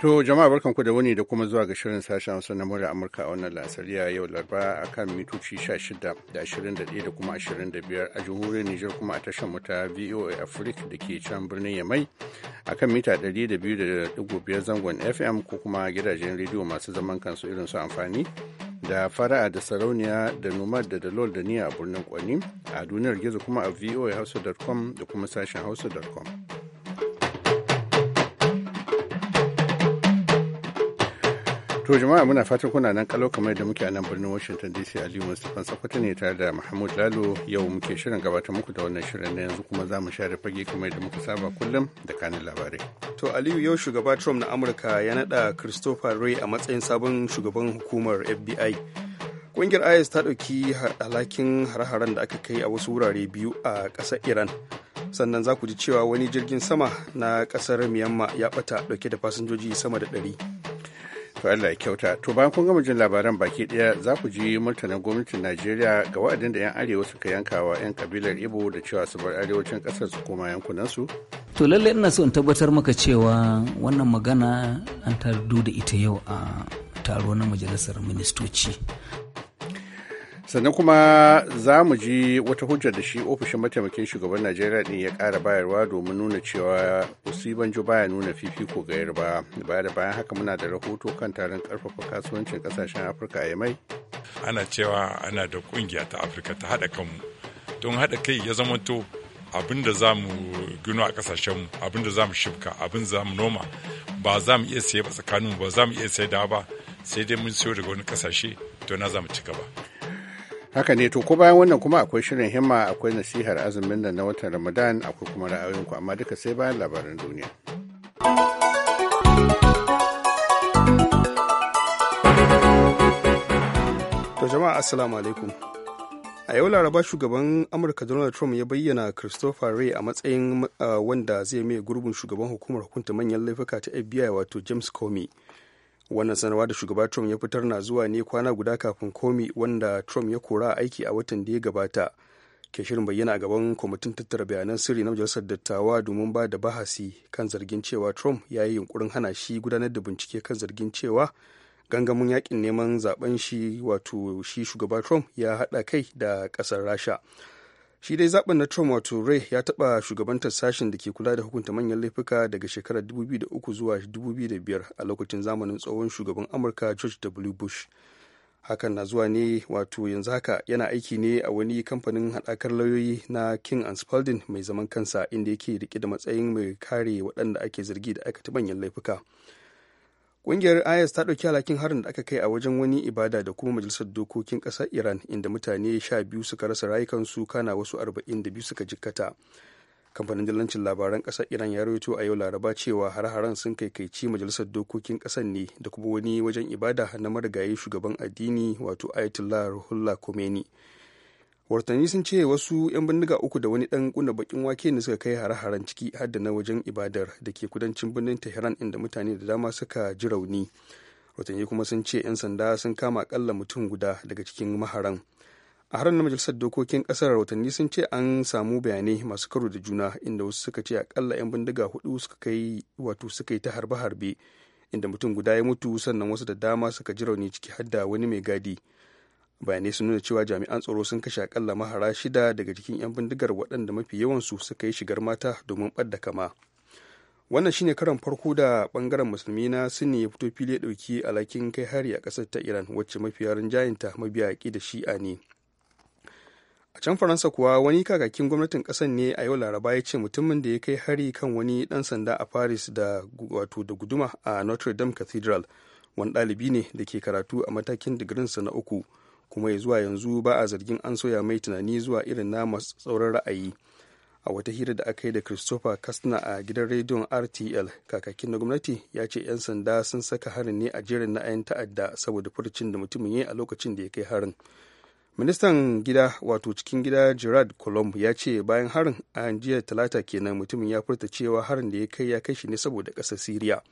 To jama'a barkanku da wani da kuma zuwa ga shirin sashen Hausa na murya Amurka a wannan lasariya yau laraba a kan mitoci 16 da 21 da kuma 25 a jihohin Nijar kuma a tashar ta VOA Africa da ke can birnin Yamai a kan mita 200.5 zangon FM ko kuma gidajen rediyo masu zaman kansu irin su amfani da fara'a da sarauniya da nomad da dalol da niya a birnin Kwani a duniyar gizo kuma a voahausa.com da kuma sashen hausa.com. To jama'a muna fatan kuna nan kalau kamar da muke a nan birnin Washington DC Aliyu Mustapha Sokoto ne tare da Mahmud Lalo yau muke shirin gabatar muku da wannan shirin na yanzu kuma za mu share fage kamar da muka saba kullum da kanin labarai. To Aliyu yau shugaba Trump na Amurka ya nada Christopher Ray a matsayin sabon shugaban hukumar FBI. Kungiyar IS ta ɗauki alhakin hare-haren da aka kai a wasu wurare biyu a kasar Iran. Sannan za ku ji cewa wani jirgin sama na kasar Myanmar ya ɓata ɗauke da fasinjoji sama da ɗari. to Allah ya kyauta to bayan kun gama jin labaran baki daya za ku ji martanin gwamnatin Najeriya ga wa'adin da 'yan arewa suka yanka wa 'yan kabilar Ibo da cewa su bar arewacin kasar su koma yankunan su to lallai ina so in tabbatar maka cewa wannan magana an tardu da ita yau a taro na majalisar ministoci sannan kuma za mu ji wata hujjar da shi ofishin mataimakin shugaban najeriya ɗin ya ƙara bayarwa domin nuna cewa banjo baya nuna fifiko ga yarba baya da bayan haka muna da rahoto kan taron ƙarfafa kasuwancin ƙasashen afirka a mai. ana cewa ana da ƙungiya ta afirka ta haɗa kanmu don haɗa kai ya zamanto abin da za mu gino a ƙasashenmu abin da za mu shifka abin za mu noma ba za mu iya saye ba tsakaninmu ba za mu iya sai da ba sai dai mun siyo daga wani ƙasashe to na za mu ci gaba haka ne to ko bayan wannan kuma akwai shirin himma akwai nasihar azumin da na watan ramadan akwai kuma ra'ayoyinku amma duka sai bayan labaran duniya to jama'a assalamu alaikum a yau laraba shugaban amurka donald trump ya bayyana christopher ray a matsayin uh, wanda zai mai gurbin shugaban hukumar hukunta manyan laifuka ta fbi wato james comey wannan sanarwa da shugaba trump ya fitar na zuwa ne kwana guda kafin komi wanda trump ya kora aiki a watan da ya gabata ke shirin bayyana a gaban kwamitin tattara bayanan sirri na majalisar dattawa domin ba da bahasi kan zargin cewa trump ya yi yunkurin hana shi gudanar da bincike kan zargin cewa gangamin yakin neman zaben shi wato shi shugaba trump ya haɗa kai da kasar rasha shi dai zaben na trump wato rai ya taba shugabantar sashen da ke kula da hukunta manyan laifuka daga shekarar 2003 zuwa 2005 a lokacin zamanin tsohon shugaban amurka george w bush hakan na zuwa ne wato yanzu haka yana aiki ne a wani kamfanin haɗakar lauyoyi na king and spalding mai zaman kansa inda yake rike da matsayin mai kare waɗanda ake zargi da aikata manyan laifuka Ƙungiyar IS ta ɗauki alhakin harin da aka kai a wajen wani ibada da kuma majalisar dokokin ƙasar Iran inda mutane sha biyu suka rasa rayukansu kana wasu arba'in da biyu suka jikkata. Kamfanin dillancin labaran ƙasar Iran ya rawaito a yau Laraba cewa har-haren sun kaikaici majalisar dokokin ƙasar ne da kuma wani wajen ibada na marigayi shugaban addini wato Ayatollah Ruhullah Khomeini. wartanni sun ce wasu 'yan bindiga uku da wani dan kuna bakin wake ne suka kai hare-haren ciki har da na wajen ibadar da ke kudancin birnin tehran inda mutane da dama suka ji rauni watanni kuma sun ce 'yan sanda sun kama akalla mutum guda daga cikin maharan a harin na majalisar dokokin kasar watanni sun ce an samu bayanai masu karo da juna inda wasu suka ce akalla 'yan bindiga hudu suka kai wato suka yi ta harbe-harbe inda mutum guda ya mutu sannan wasu da dama suka ji rauni ciki har da wani mai gadi bayanai sun nuna cewa jami'an tsaro sun kashe akalla mahara shida daga cikin 'yan bindigar waɗanda mafi yawansu suka yi shigar mata domin ɓadda kama wannan shine karan farko da bangaren musulmi na sun ya fito fili ya ɗauki alhakin kai hari a ƙasar ta iran wacce mafi mafiya jayinta mabiya yaƙi da shi'a ne a can faransa kuwa wani kakakin gwamnatin ƙasar ne a yau laraba ya ce mutumin da ya kai hari kan wani ɗan sanda a paris da wato da guduma a notre dame cathedral wani ɗalibi ne da ke karatu a matakin digirinsa na uku kuma ya zuwa yanzu ba a zargin an soya mai tunani zuwa irin nama masu tsauran ra'ayi a wata hira da aka yi da christopher kastner a gidan rediyon rtl kakakin na gwamnati ya ce 'yan sanda sun saka harin ne a jerin na 'yan ta'adda saboda furcin da mutumin ya a lokacin da ya kai harin ministan gida wato cikin gida gerard colomb ya ce bayan harin a jiya talata kenan mutumin ya furta cewa harin da ya kai ya kai shi ne saboda ƙasar syria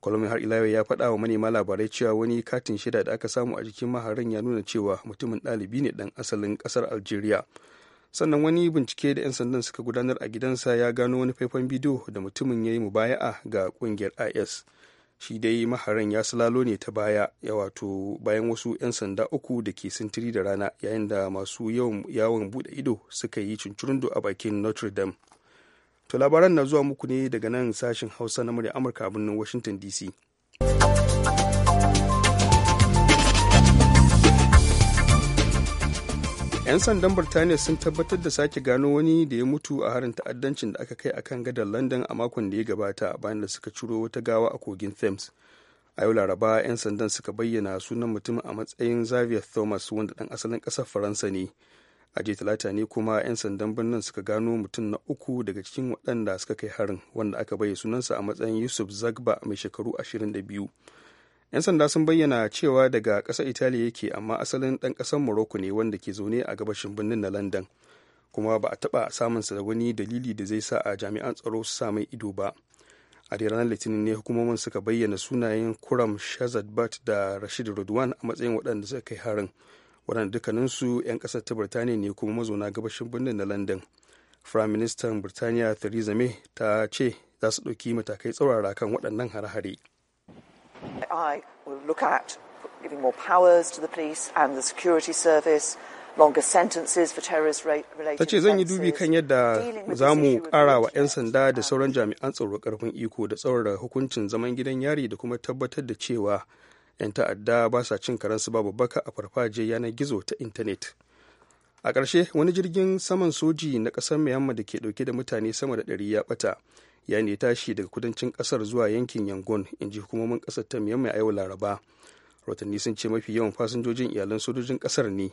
Kolomin har ilawa ya faɗa wa manema labarai cewa wani katin shida da aka samu a jikin maharin ya nuna cewa mutumin ɗalibi ne ɗan asalin ƙasar Algeria. Sannan wani bincike da 'yan sandan suka gudanar a gidansa ya gano wani faifan bidiyo da mutumin ya yi mubaya'a ga ƙungiyar IS. Shi dai maharan ya salalo ne ta baya ya wato bayan wasu 'yan sanda uku da ke sintiri da rana yayin da masu yawon bude ido suka yi cincirindo a bakin Notre Dame. To labaran na zuwa muku ne daga nan sashen Hausa na murya Amurka a birnin Washington DC. ‘Yan sandan Birtaniya sun tabbatar da sake gano wani da ya mutu a harin ta'addancin da aka kai a kan gadar London a makon da ya gabata bayan da suka ciro wata gawa a kogin Thames. A yau Laraba, ‘yan sandan suka bayyana sunan mutumin a matsayin Xavier Thomas wanda ɗan asalin ƙasar Faransa ne. a jiya talata ne kuma 'yan sandan birnin suka gano mutum na uku daga cikin waɗanda suka kai harin wanda aka bayyana sunansa a matsayin yusuf zagba mai shekaru ashirin da biyu. 'yan sanda sun bayyana cewa daga ƙasar italiya yake amma asalin ɗan ƙasar morocco ne wanda ke zaune a gabashin birnin na london kuma ba a taɓa samunsa da wani dalili da zai sa a jami'an tsaro su samai ido ba a da ranar litinin ne hukumomin suka bayyana sunayen kuram shazadbat da rashid rudwan a matsayin waɗanda suka kai harin waɗanda dukkaninsu 'yan ƙasar ta birtaniya ne kuma mazauna gabashin birnin na london firayim ministan birtaniya theresa may ta ce za su ɗauki matakai tsaurara kan waɗannan hare-hare Ta ce zan yi dubi kan yadda za mu kara wa 'yan sanda da sauran jami'an tsaro karfin iko da tsaurara hukuncin zaman gidan yari da kuma tabbatar da cewa 'yan ta'adda ba sa cin karansu babu baka a farfajiyar yanar gizo ta intanet a ƙarshe wani jirgin saman soji na ƙasar myanmar da ke ɗauke da mutane sama da ɗari ya ɓata ya ne tashi daga kudancin ƙasar zuwa yankin yangon in ji hukumomin ƙasar ta myanmar a yau laraba rotanni sun ce mafi yawan fasinjojin iyalan sojojin ƙasar ne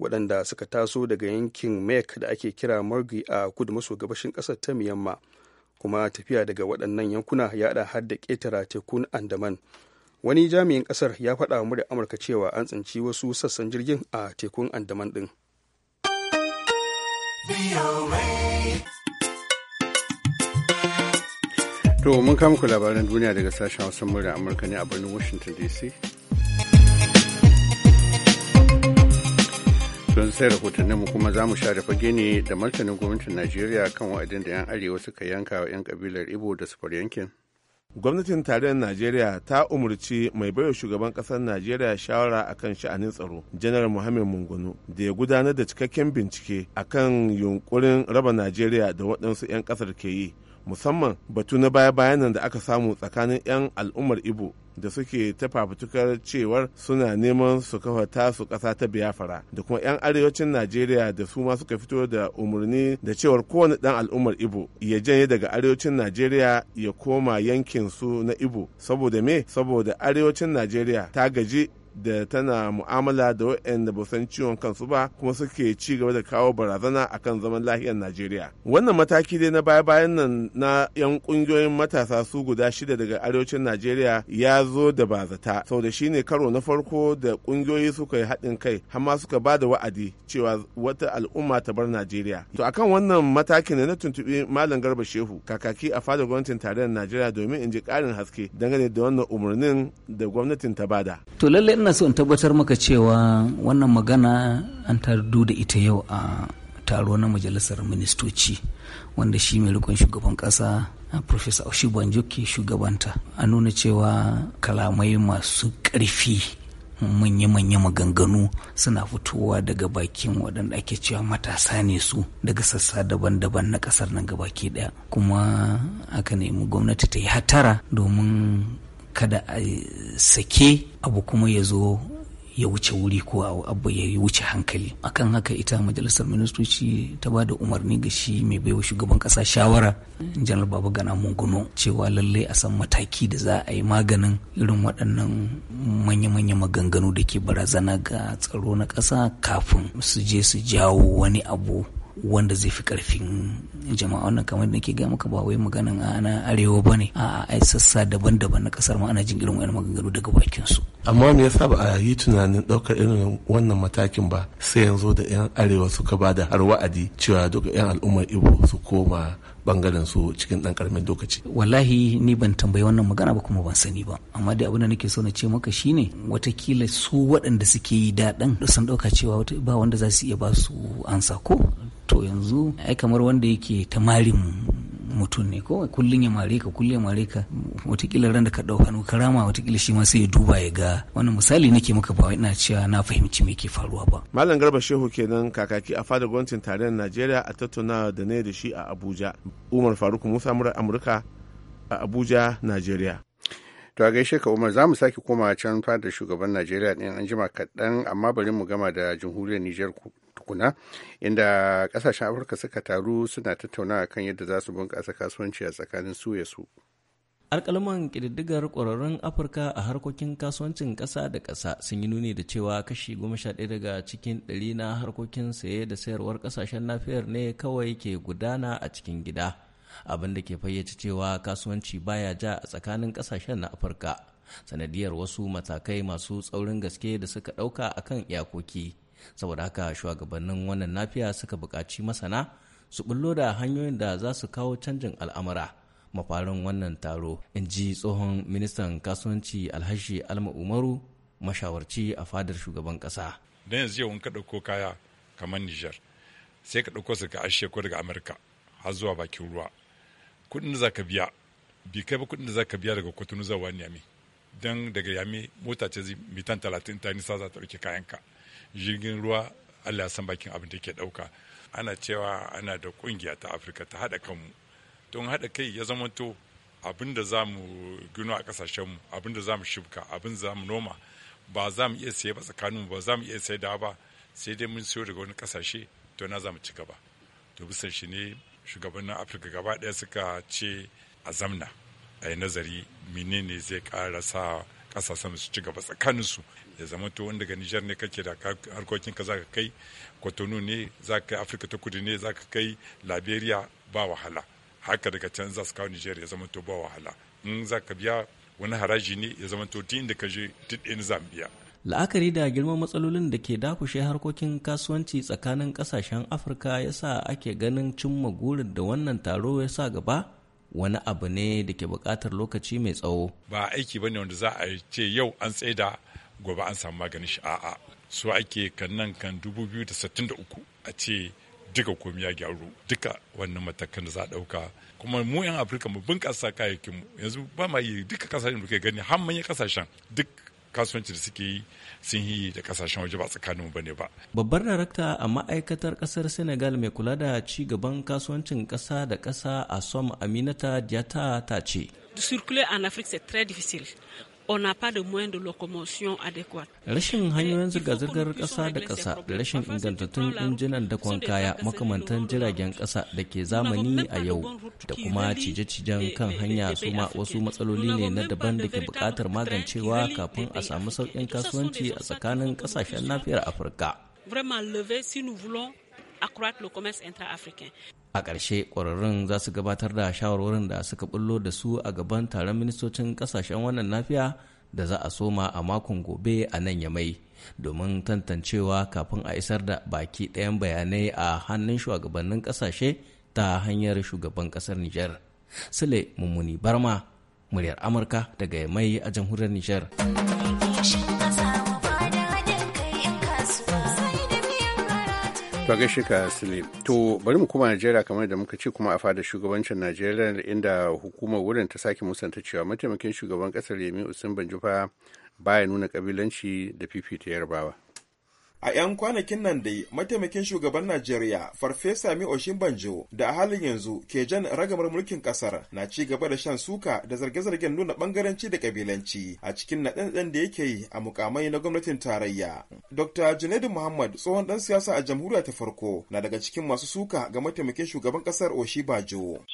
waɗanda suka taso daga yankin mek da ake kira margi a kudu maso gabashin ƙasar ta myanmar kuma tafiya daga waɗannan yankuna ya haɗa har da ƙetara tekun andaman wani jami'in kasar ya faɗa mu da amurka cewa an tsinci wasu sassan jirgin a tekun andaman ɗin to mun kama ku labaran duniya daga sashen hausa murya amurka ne a birnin washington dc don sai rahotannin mu kuma za mu share fage ne da martanin gwamnatin najeriya kan wa'adin da 'yan arewa suka yanka wa 'yan kabilar ibo da sufar yankin gwamnatin tarayyar najeriya ta umarci mai baiwa shugaban kasar najeriya shawara akan sha'anin tsaro janar muhammed mungunu da ya gudanar da cikakken bincike a kan yunkurin raba najeriya da waɗansu 'yan ƙasar ke yi musamman batu na baya-bayan nan da aka samu tsakanin 'yan al'ummar ibo da suke ta fafutukar cewar suna neman su kafa tasu ƙasa ta biyafara da kuma 'yan arewacin najeriya da su ma suka fito da umarni da cewar kowane ɗan al'ummar ibo ya janye daga arewacin najeriya ya koma yankin su na ibo saboda me saboda arewacin najeriya ta gaji da tana mu'amala da waɗanda ba san ciwon kansu ba kuma suke ci gaba da kawo barazana a kan zaman lahiyar Najeriya. Wannan mataki dai na baya-bayan nan na 'yan ƙungiyoyin matasa su guda shida daga arewacin Najeriya ya zo da bazata saboda da shine karo na farko da ƙungiyoyi suka yi haɗin kai har ma suka ba da wa'adi cewa wata al'umma ta bar Najeriya. To akan wannan matakin ne na tuntuɓi Malam Garba Shehu kakaki a fadar gwamnatin tarayyar Najeriya domin in ji ƙarin haske dangane da wannan umarnin da gwamnatin ta bada. To lallai ina so in tabbatar maka cewa wannan magana an tardu da ita yau a taro na majalisar ministoci wanda shi mai rikon shugaban kasa profesa oshibanjo ke shugabanta a nuna cewa kalamai masu karfi manya-manya maganganu suna fitowa daga bakin waɗanda ake cewa matasa ne su daga sassa daban-daban na ƙasar nan gabaki ɗaya kuma aka nemi gwamnati ta yi hatara domin kada a sake abu kuma ya zo ya wuce wuri ko abu ya wuce hankali akan haka ita majalisar ministoci ta ba da umarni ga shi mai baiwa shugaban kasa shawara janar Babu gana mungunu cewa lallai a san mataki da za a yi maganin irin waɗannan manya-manya maganganu da ke barazana ga tsaro na ƙasa kafin su je su jawo wani abu wanda zai fi karfin jama'a wannan kamar da ke ga maka ba wai magana ana arewa ba ne a sassa daban-daban na kasar ma ana jin irin wani maganganu daga bakin su amma me yasa ba a yi tunanin ɗaukar irin wannan matakin ba sai yanzu da yan arewa suka ba da har wa'adi cewa duka yan al'ummar ibo su koma bangaren su cikin dan karamin lokaci wallahi ni ban tambayi wannan magana ba kuma ban sani ba amma dai abin da nake so na ce maka shine watakila su waɗanda suke yi daɗin sun ɗauka cewa ba wanda za su iya ba su ansa ko to yanzu ai kamar wanda yake ta marin mutum ne ko kullum ya mare ka kullum ya mare ka watakila ran da ka dauka ka rama watakila shi ma sai ya duba ya ga wannan misali nake maka ba ina cewa na fahimci me ke faruwa ba malam garba shehu kenan kakaki a fadar gwamnatin tarayyar najeriya a tattauna da ne da shi a abuja umar faruk musa murar amurka a abuja najeriya to a gaishe ka umar za mu sake komawa can fadar shugaban najeriya din an jima kaɗan amma bari mu gama da jamhuriyar nijar inda kasashen afirka suka taru suna tattaunawa kan yadda za su bunƙasa kasuwanci a tsakanin su ya su alkalman ƙididdigar ƙwararrun afirka a harkokin kasuwancin ƙasa da ƙasa sun yi nuni da cewa kashi goma sha ɗaya daga cikin ɗari na harkokin saye da sayarwar ƙasashen nafiyar ne kawai ke gudana a cikin gida abin da ke fayyace cewa kasuwanci baya ja a tsakanin ƙasashen na afirka sanadiyar wasu matakai masu tsaurin gaske da suka ɗauka akan iyakoki saboda haka shugabannin wannan nafiya suka buƙaci masana su bullo da hanyoyin da za su kawo canjin al'amura mafarin wannan taro in ji tsohon ministan kasuwanci alhashi alma umaru mashawarci a fadar shugaban ƙasa don yanzu yau in ka ɗauko kaya kamar niger sai ka ɗauko su ga ashe ko daga amurka har zuwa bakin ruwa kuɗin da za ka biya bi kai ba kuɗin da za ka biya daga kotunu zawa niyami don daga yami mota ce zai mitan talatin ta nisa za ta ɗauke kayanka jirgin ruwa allah san bakin abin da ke ɗauka ana cewa ana da ƙungiya ta afirka ta haɗa kanmu don haɗa kai ya to abin da za mu gino a ƙasashenmu abin da za mu shibka abin da za mu noma ba za mu iya saye ba tsakaninmu ba za mu iya saye da ba sai dai mun siyo daga wani ƙasashe to na za mu ci gaba to bisan shi ne shugabannin afirka gaba ɗaya suka ce a zamna a yi nazari menene zai ƙara kasashen su ci gaba tsakanin su ya zama to wanda daga Nijar ne kake da harkokin ka zaka kai Cotonou ne zaka kai Afirka ta Kudu ne zaka kai Liberia ba wahala haka daga can za su kawo Nijar ya zama to ba wahala in zaka biya wani haraji ne ya zama to tun da ka je duk ɗin Zambiya la'akari da girman matsalolin da ke dakushe harkokin kasuwanci tsakanin kasashen afirka ya sa ake ganin cimma gurin da wannan taro ya sa gaba wani abu ne da ke buƙatar lokaci mai tsawo ba aiki bane wanda za a ce yau an tsaida gobe an samu maganin shi a'a su ake kan nan kan 2063 a ce duka komi ya gyaru duka wannan matakan da za a dauka kuma mu yan afirka mu bunƙasa kayayyakin mu yanzu ba ma yi duka kasashen da kai gani har manyan kasashen duk kasuwanci da suke yi sun yi da kasashen waje ba tsakaninmu bane ba. Babbar darakta a ma'aikatar kasar Senegal mai kula da ci gaban kasuwancin kasa da kasa a som Aminata Diata ta ce. Circuler en Afrique c'est très difficile. Ona pas de de locomotion adéquats. Rashin hanyoyin zirga-zirgar ƙasa da ƙasa da rashin ingantattun injinan dakon kaya makamantan jiragen ƙasa da ke zamani a yau da kuma cije-cijen kan hanya su ma wasu matsaloli ne na daban da ke buƙatar magancewa kafin a samu sauƙin kasuwanci a tsakanin ƙasashen nafiyar Afirka. Vraiment a ƙarshe ƙwararrun za su gabatar da shawarwarin da suka bullo da su a gaban taron ministocin ƙasashen wannan nafiya da za a soma a makon gobe a nan ya mai domin tantancewa kafin a isar da baki ɗayan bayanai a hannun shugabannin ƙasashe ta hanyar shugaban ƙasar nijar sule mummuni barma muryar amurka daga mai a jamhuriyar nijar To gaishe ka Sule. To bari mu kuma Najeriya kamar da muka ce kuma a fada shugabancin Najeriya inda hukumar wurin ta sake musanta cewa mataimakin shugaban kasar Yemi Usman Banjufa baya nuna kabilanci da fifita Yarbawa. A 'yan kwanakin nan dai mataimakin shugaban Najeriya Farfesa Mi banjo da a halin yanzu ke jan ragamar mulkin kasar na ci gaba da shan suka da zarge-zargen nuna bangaranci da kabilanci a cikin naɗin da yake yi a mukamai na gwamnatin tarayya. Dr. Junaidu Muhammad tsohon ɗan siyasa a jamhuriya ta farko na daga cikin masu suka ga mataimakin shugaban kasar oshi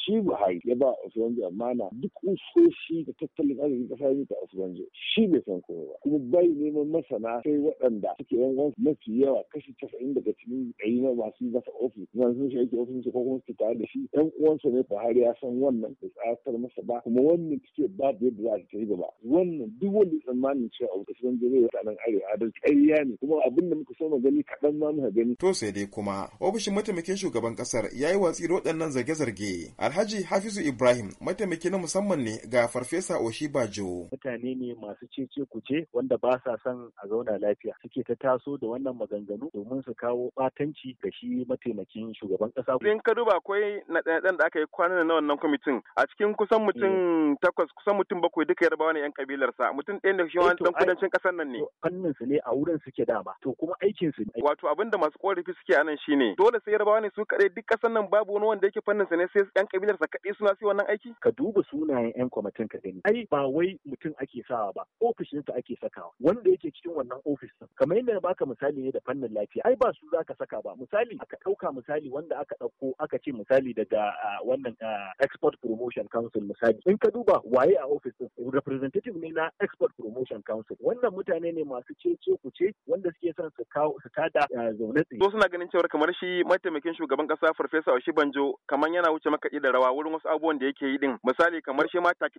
Shi Buhari ya ba Oshibanjo amana duk usoshi da tattalin ya ta shi bai san kowa ba kuma bai neman masana sai waɗanda suke yan mafi yawa kashi casa'in daga cikin ɗari na masu masa ofis na sun shi aiki ofis ko kuma su tare da shi ɗan uwansa ne Buhari ya san wannan da tsatar masa ba kuma wannan take da yadda za ta yi gaba wannan duk wanda tsammanin cewa abu kashi wanda zai a nan arewa adalci ƙarya ne kuma abin da muka so mu gani kaɗan ma muka gani. To sai dai kuma ofishin mataimakin shugaban ƙasar ya yi watsi da waɗannan zarge-zarge Alhaji Hafizu Ibrahim mataimaki na musamman ne ga Farfesa Oshi Bajo. Mutane ne masu cece kuce wanda ba sa son a zauna lafiya suke ta taso da wani waɗannan maganganu domin su kawo batanci ga shi mataimakin shugaban ƙasa. In ka duba akwai naɗe-naɗen da aka yi kwanan na wannan kwamitin a cikin kusan mutum eh. takwas kusan mutum bakwai duka yarbawa ne 'yan kabilarsa mutum ɗaya da shi eh, wani ɗan kudancin ƙasar nan ne. Fannin su ne a wurin suke dama to kuma aikin su ne. Wato abin da masu ƙorafi suke anan shine dole sai yarbawa ne su kaɗai duk ƙasar nan babu wani wanda yake fannin sa ne sai 'yan kabilarsa kaɗai suna su wannan aiki. Ka duba sunayen 'yan kwamitin ka gani. Ai ba wai mutum ake sawa ba ofishinsa ake sakawa wanda yake cikin wannan ofis kamar yadda na baka misali misali ne da fannin lafiya ai ba su za ka saka ba misali aka ɗauka misali wanda aka ɗauko aka ce misali daga wannan export promotion council misali in ka duba waye a office din representative ne na export promotion council wannan mutane ne masu cece ku ce wanda suke son su kawo su tada zaune tsaye. suna ganin cewa kamar shi mataimakin shugaban kasa farfesa banjo kamar yana wuce makaɗi da rawa wurin wasu abubuwan da yake yi din misali kamar shi ma sa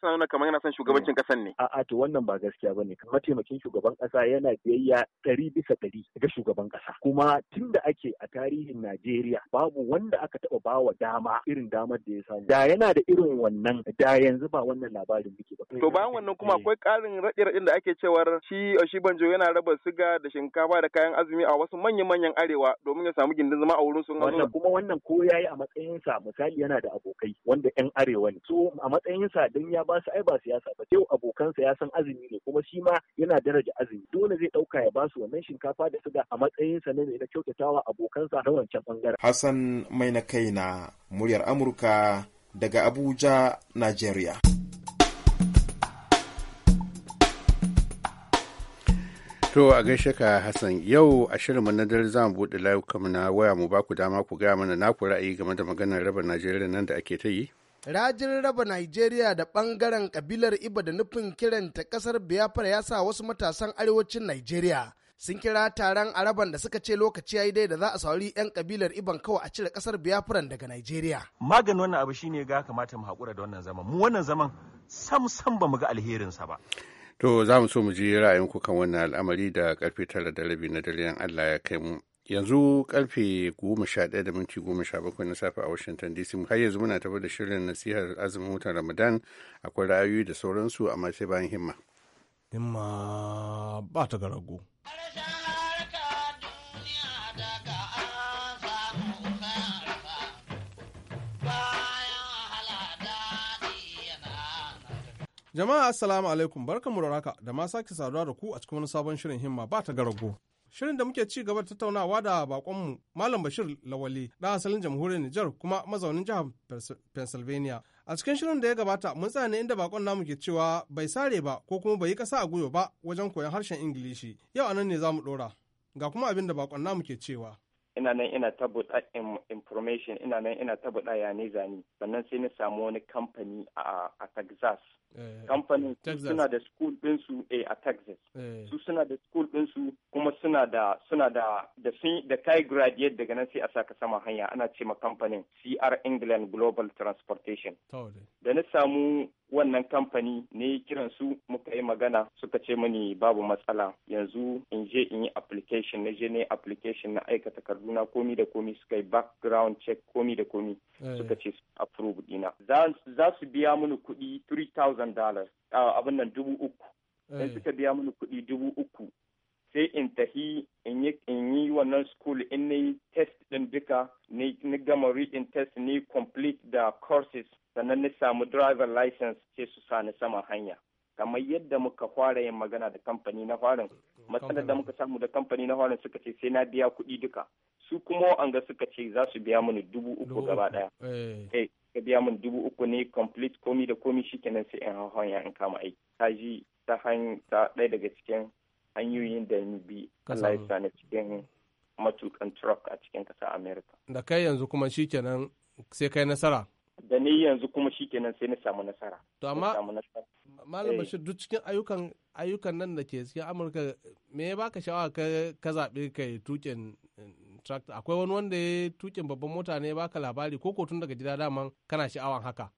suna nuna kamar yana son shugabancin kasan ne. A'a to wannan ba gaskiya bane mataimakin shugaban kasa yana biyayya ɗari bisa ɗari ga shugaban ƙasa kuma tun da ake a tarihin Najeriya babu wanda aka taɓa bawa dama irin damar da ya samu da yana da irin wannan da yanzu ba wannan labarin muke ba. To bayan wannan kuma akwai ƙarin raɗe-raɗin da ake cewar shi shi banjo yana raba siga da shinkafa da kayan azumi a wasu manyan-manyan arewa domin ya samu gindin zama a wurin sun Wannan kuma wannan ko yi a matsayinsa misali yana da abokai wanda 'yan arewa ne. So a matsayinsa don ya ba su ai ba siyasa ba. Yau abokansa ya san azumi ne kuma shi ma yana daraja azumi. Dole zai ɗauka ya ba su wannan shinkafa da suga a matsayinsa ne na kyautatawa abokansa na wancan bangaren. Hassan mai na kai na muryar Amurka daga Abuja, Nigeria. To a gaishe ka Hassan yau a shirinmu na dare za mu buɗe layukanmu na waya mu baku dama ku gaya mana na ku ra'ayi game da maganar raba Najeriya nan da ake ta yi. Rajin raba Najeriya da ɓangaren kabilar Iba da nufin kiranta ƙasar Biafra ya sa wasu matasan arewacin Najeriya sun kira taron araban da suka ce lokaci ya yi dai da za a sauri 'yan kabilar iban kawai a cire kasar biafran daga nigeria maganin wannan abu shine ga kamata mu haƙura da wannan zaman mu wannan zaman sam sam ba mu ga alherinsa ba to za mu so mu ji ra'ayinku kan wannan al'amari da karfe tara da rabi na dare allah ya kai mu yanzu karfe goma sha ɗaya da minti goma sha bakwai na safe a washington dc har yanzu muna tafi da shirin nasihar azumin watan ramadan akwai ra'ayoyi da sauransu amma sai bayan himma himma ba ta ga rago Jama'a assalamu alaikum barkanmu da raka da ma sake saduwa da ku a cikin wani sabon shirin himma ba ta garago. Shirin da muke ci gaba da tattaunawa da bakonmu Malam Bashir Lawali ɗan asalin jamhuriyar Nijar kuma mazaunin jihar Pennsylvania A cikin shirin da ya gabata mun tsaya inda bakon namu ke cewa bai sare ba ko kuma bai yi kasa a gwiwa ba wajen koyon harshen Ingilishi. Yau anan ne za mu ɗora. Ga kuma abin da bakon namu ke cewa. Ina nan ina tabbata information ina nan ina tabbata buɗa zane sannan sai na samu wani kamfani a Texas Eh, kamfanin suna da school ɗinsu eh, a Texas. Eh. Su suna da school ɗinsu kuma suna da suna da da sun da kai graduate daga nan sai a saka sama hanya ana ce ma kamfanin CR England Global Transportation. Da na samu wannan kamfani ne kiran su muka yi magana suka ce mani babu matsala yanzu in je in yi application na je ne application na aika takarduna komi da komi suka yi background check komi da komi suka ce approve dina za su biya mini kuɗi 3000 thousand dollars abin nan dubu uku sai eh. suka biya mini kuɗi dubu uku sai in tahi in yi wannan school in na test ɗin duka ni gama reading test ni complete da courses sannan na samu driver license sai su sani sama hanya kamar yadda muka fara yin magana da kamfani na farin matsalar da muka samu da kamfani na farin suka ce sai na biya kuɗi duka su kuma an ga suka ce za su biya mini dubu uku gaba daya. ka biya min dubu uku ne complete komi da komi shikenan sai in hau hanya in kama aiki ta ji ta ta ɗaya daga cikin hanyoyin da ni bi Allah ya na cikin matukan truck a cikin kasa America da kai yanzu kuma shikenan sai kai nasara da ni yanzu kuma shikenan sai na samu nasara to amma malam eh. bashir duk cikin ayyukan ayyukan nan da ke cikin amurka me ya baka shawara ka zaɓe kai tukin tractor akwai wani wanda ya tukin babban mota ne baka labari ko ko tun daga gida daman kana sha'awan haka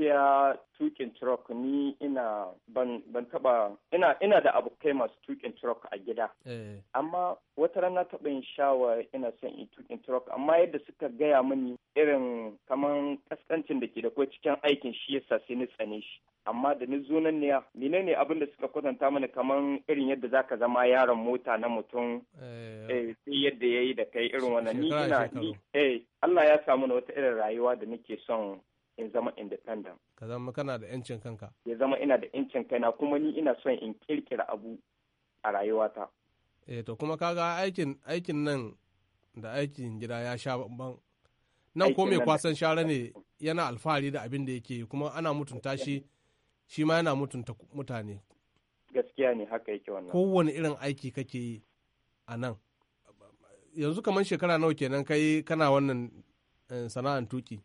gaskiya tukin truck ni ina ban, ban taba ina ina da abokai masu tukin truck a gida eh. amma wata rana taba yin shawa ina son in tukin truck amma yadda suka gaya mani irin kaman kaskancin da ke da ko cikin aikin shi yasa sai ni tsane shi amma da ni zo nan ne menene abin da suka kwatanta mani kaman irin yadda zaka zama yaron mota na mutum eh. Eh, sai yadda yayi da kai irin wannan ni ina eh Allah ya samu na wata irin rayuwa da nake son in zama independent ka zama kana da yancin kanka ya zama ina da yancin kaina kuma ni ina son in kirkira abu a rayuwata eh to kuma kaga aikin aikin nan da aikin gida ya sha bamban nan ko mai kwasan shara ne yana alfahari da abin da yake kuma ana mutunta shi shi ma yana mutunta mutane gaskiya ne haka yake wannan kowane irin aiki kake yi a nan yanzu kamar shekara nawa kenan kai kana wannan eh, sana'an tuki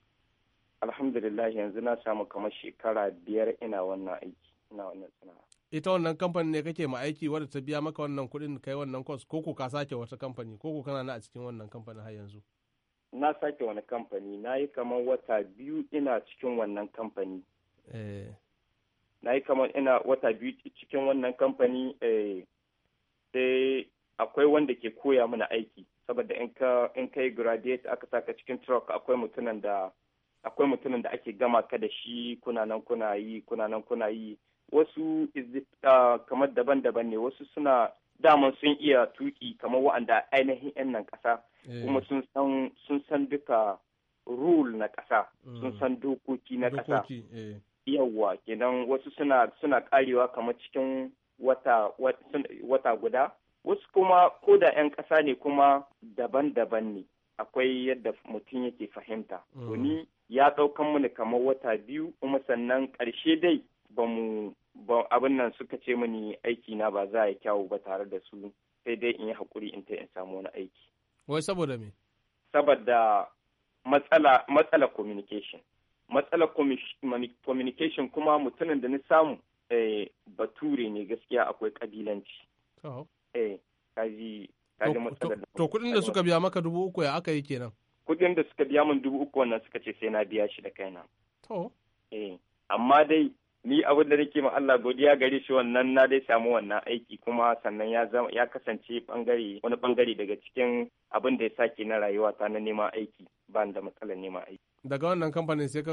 alhamdulillah yanzu na samu kamar shekara biyar ina wannan aiki ina wannan sana'a ita wannan kamfanin ne kake ma aiki wadda ta biya maka wannan kuɗin kai wannan kwas ko ko ka sake wata kamfani ko ko kana na a cikin wannan kamfanin har yanzu na sake wani kamfani na yi kamar wata biyu ina cikin wannan kamfani eh. na yi kamar ina wata biyu cikin wannan kamfani eh, sai akwai wanda ke koya mana aiki saboda in ka yi graduate aka saka cikin truck akwai mutunan da akwai mutumin da ake gama ka da shi kuna nan kuna yi kuna nan kuna yi wasu uh, kamar daban-daban ne wasu suna daman sun iya tuki kamar wa'anda ainihin 'yan nan ƙasa eh. kuma sun san duka rule na ƙasa mm. sun san dokoki na ƙasa eh. yawwa kenan wasu suna karewa kamar cikin wata wata guda wasu kuma ko da 'yan ƙasa ne kuma daban-daban ne akwai yadda mutum yake fahimta. To mm. ni ya ɗaukan mani kamar wata biyu kuma sannan ƙarshe dai ba mu abin nan suka ce mani aiki na ba za a yi kyawu ba tare da su sai dai in yi haƙuri in ta in samu wani aiki. Wai saboda me? Saboda matsala matsala communication. Matsala communication kuma mutumin da na samu eh, bature ne gaskiya akwai kabilanci. Eh, kaji To kudin da suka biya maka dubu uku ya aka yi kenan? kudin da suka biya min dubu uku wannan suka ce sai na biya shi da kaina. To. Eh, amma dai ni abin da nake ma Allah godiya gare shi wannan na dai samu wannan aiki kuma sannan ya ya kasance bangare wani bangare daga cikin abin da ya sake na rayuwa ta na neman aiki ba da matsalar neman aiki. Daga wannan kamfanin sai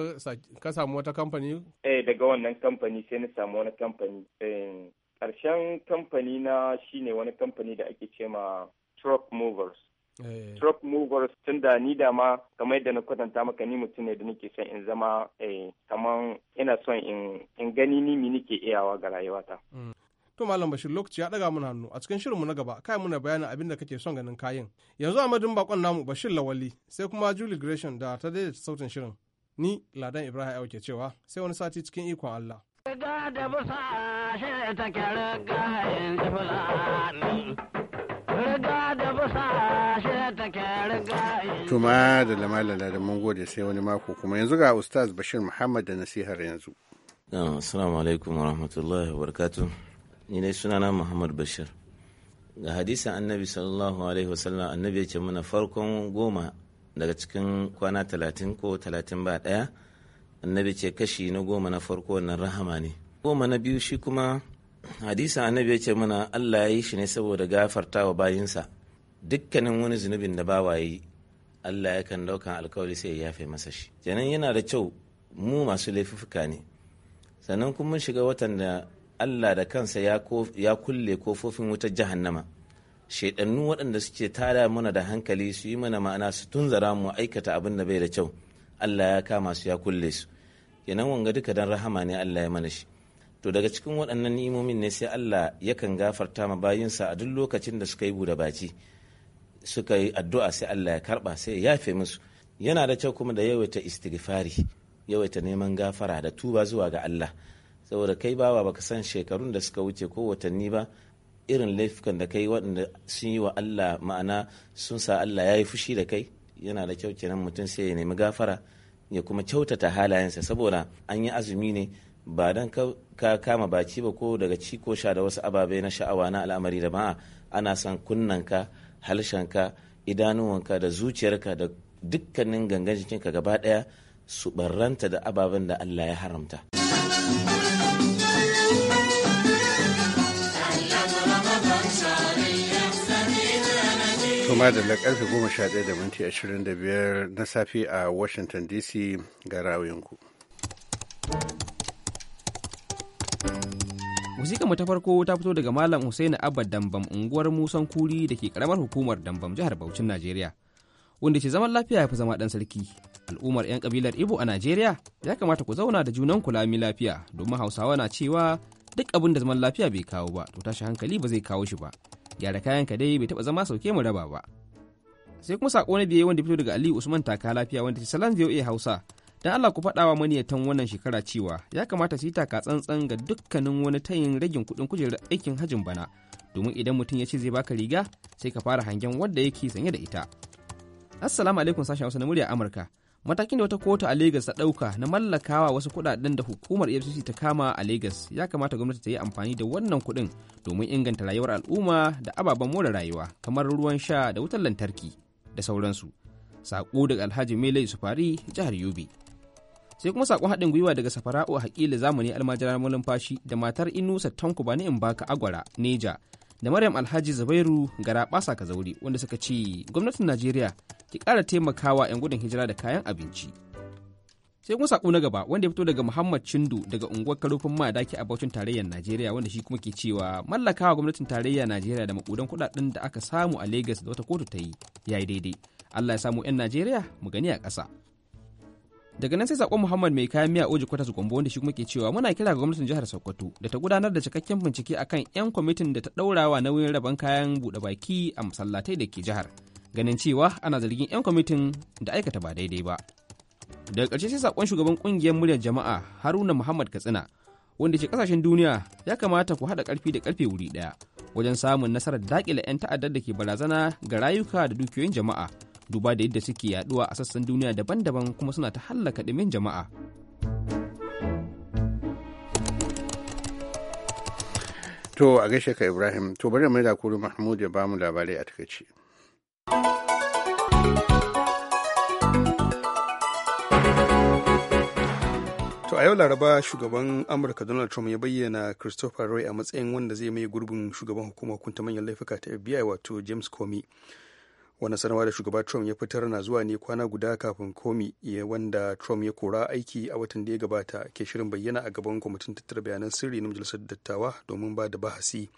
ka samu wata kamfani? Eh daga wannan kamfani sai na samu wani kamfani. Eh, karshen kamfani na shine wani kamfani da ake cema Truck Movers. Eh. Truck Movers tun da ni dama ma kamar yadda na kwatanta maka ni mutum ne da nake son in zama eh, kaman ina son in gani ni mi nike iyawa ga rayuwata. Mm. To Malam Bashir lokaci ya daga mun hannu a cikin shirinmu na gaba kai muna bayanin abin da kake son ganin kayan. Yanzu a madin bakon namu Bashir Lawali sai kuma Julie Gresham da ta daidaita sautin shirin. Ni Ladan Ibrahim ya ke cewa sai wani sati cikin ikon Allah. riga da busa shi take riga in ji fulani. Riga da busa shi take riga in Tuma da lamalala da mun gode sai wani mako kuma yanzu ga Ustaz Bashir Muhammad da nasihar yanzu. Assalamu alaikum wa rahmatullahi wa barakatuh. Ni dai sunana Muhammad Bashir. Ga hadisin annabi sallallahu alaihi wasallam annabi ya ce mana farkon goma daga cikin kwana talatin ko talatin ba ɗaya annabi ce kashi na goma na farko wannan rahama ne goma na biyu shi kuma hadisa annabi ya ce mana allah ya yi shi ne saboda gafarta wa bayinsa dukkanin wani zunubin da bawa yi allah ya kan daukan alkawari sai ya yafe masa shi kenan yana da kyau mu masu laifuka ne sannan kuma mun shiga watan da allah da kansa ya kulle kofofin wutar jahannama shaidannu waɗanda suke tada mana da hankali su yi mana ma'ana su tunzara mu aikata abin da bai da kyau allah ya kama su ya kulle su kenan wanga duka dan rahama ne Allah ya mana shi to daga cikin waɗannan ni'imomin ne sai Allah yakan gafarta ma bayinsa a duk lokacin da suka yi bude baci suka yi addu'a sai Allah ya karba sai ya yafe musu yana da kyau kuma da yawaita istighfari yawaita neman gafara da tuba zuwa ga Allah saboda kai bawa baka san shekarun da suka wuce ko watanni ba irin laifukan da kai waɗanda sun yi wa Allah ma'ana sun sa Allah ya yi fushi da kai yana da kyau kenan mutum sai ya nemi gafara ya kuma kyautata halayensa saboda an yi azumi ne ba don ka kama baci ba ko daga ci ko sha da wasu ababe na sha'awa na al'amari da ma'a ana san kunnanka halshenka idanuwanka da zuciyarka da dukkanin gangan jikinka gaba ɗaya su barranta da ababen da Allah ya haramta da karfe 11:25 na safi a washington dc ga rawayinku musika mu ta farko ta fito daga malam Hussein Abba Dambam unguwar Musan Kuri da ke karamar hukumar Dambam jihar Bauchin Najeriya wanda ce zaman lafiya ya fi zama dan sarki al'ummar 'yan kabilar Ibo a Najeriya ya kamata ku zauna da junan kulami lafiya domin Hausawa na cewa duk abin da zaman lafiya bai kawo ba to tashi hankali ba zai kawo shi ba gyara kayan ka dai bai taba zama sauke mu raba ba sai kuma sako na yayi wanda fito daga aliyu usman taka lafiya wanda ce salam voa hausa dan allah ku faɗa wa maniyatan wannan shekara cewa ya kamata su yi taka tsantsan ga dukkanin wani tayin ragin kuɗin kujerar aikin hajin bana domin idan mutum ya ce zai baka riga sai ka fara hangen wanda yake sanye da ita assalamu alaikum sashen hausa na murya amurka matakin da wata kotu a Legas ta ɗauka na mallakawa wasu kuɗaɗen da hukumar efcc ta kama a Legas ya kamata gwamnati ta yi amfani da wannan kuɗin domin inganta rayuwar al'umma da ababen more rayuwa kamar ruwan sha da wutar lantarki da sauransu saƙo daga alhaji mele sufari jihar yobe sai kuma saƙon haɗin gwiwa daga safara'u a hakila zamani almajiran malumfashi da matar inusa tanko bani in baka agwara neja da Maryam Alhaji Zubairu ka zauri wanda suka ce gwamnatin Najeriya ki ƙara taimakawa 'yan gudun hijira da kayan abinci. Sai kuma saƙo na gaba wanda ya fito daga Muhammad Chindu daga unguwar Karofin Madaki a baucin Tarayyar Najeriya wanda shi kuma ke cewa mallakawa gwamnatin tarayyar Najeriya da makudan kuɗaɗen da aka samu a Lagos da wata kotu ta yi yayi daidai. Allah ya samu 'yan Najeriya mu gani a ƙasa. daga nan sai sakon muhammad mai kayan miya oji kwatas gombo wanda shi kuma ke cewa muna kira ga gwamnatin jihar sokoto da ta gudanar da cikakken bincike kan yan kwamitin da ta daurawa nauyin rabon kayan buɗe baki a masallatai da ke jihar ganin cewa ana zargin yan kwamitin da aikata ba daidai ba daga ƙarshe sai sakon shugaban ƙungiyar muryar jama'a haruna muhammad katsina wanda ke kasashen duniya ya kamata ku haɗa ƙarfi da ƙarfe wuri ɗaya wajen samun nasarar daƙile 'yan ta'addar da ke barazana ga rayuka da dukiyoyin jama'a duba da yadda suke yaduwa a sassan duniya daban-daban kuma suna ta hallaka ɗimin jama'a to a gaishe ka ibrahim to bari mai da kuru mahmud ya bamu labarai a takaice To a yau Laraba shugaban Amurka Donald Trump ya bayyana Christopher Roy a matsayin wanda zai mai gurbin shugaban hukumar kunta manyan laifuka ta FBI wato James Comey. wannan sanarwa da shugaba trump ya fitar na zuwa ne kwana guda kafin komi wanda trump ya kora aiki a watan da ya gabata ke shirin bayyana a gaban kwamitin tattara bayanan sirri na majalisar dattawa domin ba da bahasi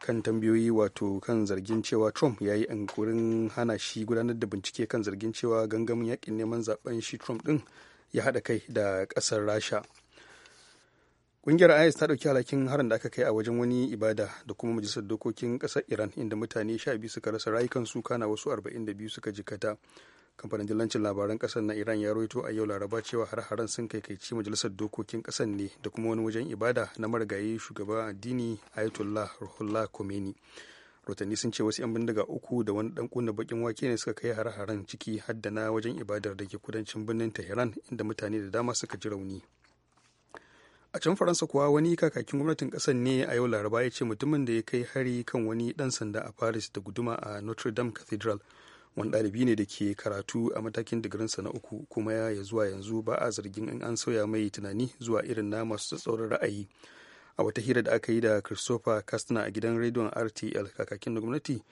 kan tambayoyi wato kan zargin cewa trump ya yi ankurin hana shi gudanar da bincike kan zargin cewa gangamin yakin neman zaben shi trump din ya haɗa kai da kasar rasha kungiyar IS ta ɗauki alhakin harin da aka kai a wajen wani ibada da kuma majalisar dokokin ƙasar Iran inda mutane sha biyu suka rasa rayukansu kana wasu arba'in da biyu suka jikata. Kamfanin dillancin labaran ƙasar na Iran ya roito a yau Laraba cewa har-haren sun kaikaici majalisar dokokin ƙasar ne da kuma wani wajen ibada na marigayi shugaban addini Ayatollah Ruhollah Khomeini. rotanni sun ce wasu 'yan bindiga uku da wani dan kunna bakin wake ne suka kai har-haren ciki haddana wajen ibadar da ke kudancin birnin tehran inda mutane da dama suka ji rauni a can faransa kuwa wani kakakin gwamnatin kasar ne a yau laraba ya ce mutumin da ya kai hari kan wani dan sanda a paris da guduma a notre dame cathedral wani ɗalibi ne da ke karatu a matakin digirinsa na uku kuma ya zuwa yanzu ba a zargin in an sauya mai tunani zuwa irin na masu tsatsauran ra'ayi a wata hira da aka yi da christopher kastner a gidan rediyon rtl kakakin na gwamnati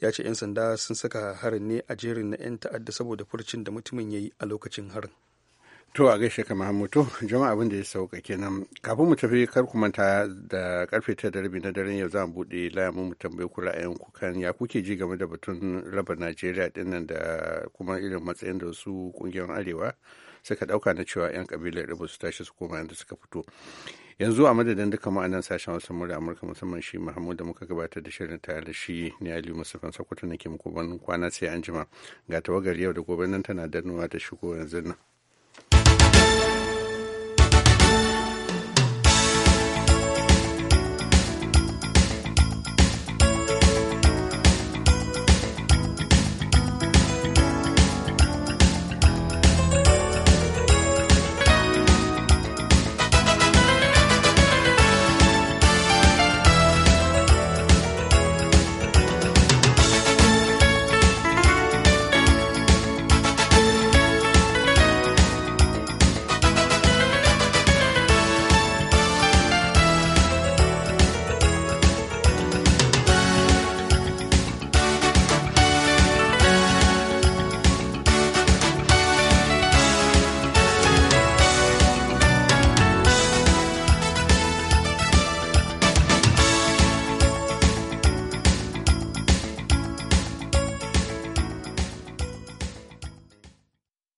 ya ce 'yan sanda sun saka harin ne a jerin na 'yan ta'adda saboda furcin da mutumin ya yi a lokacin harin To a gaishe ka Mahamutu, jama'a abin da ya sauka kenan. Kafin mu tafi kar ku manta da karfe ta da na daren yau za mu buɗe layan mu tambayi ku ra'ayin ku kan ya kuke ji game da batun raba Najeriya dinnan da kuma irin matsayin da su kungiyar Arewa suka ɗauka na cewa 'yan kabilar Ibo su tashi su koma yadda suka fito. Yanzu a madadin duka ma'anan sashen wasu mura Amurka musamman shi Mahmud da muka gabatar da shirin tare da shi ne ali Mustafa Sokoto nake muku ban kwana sai an jima ga tawagar yau da gobe nan tana danuwa ta shigo yanzu nan.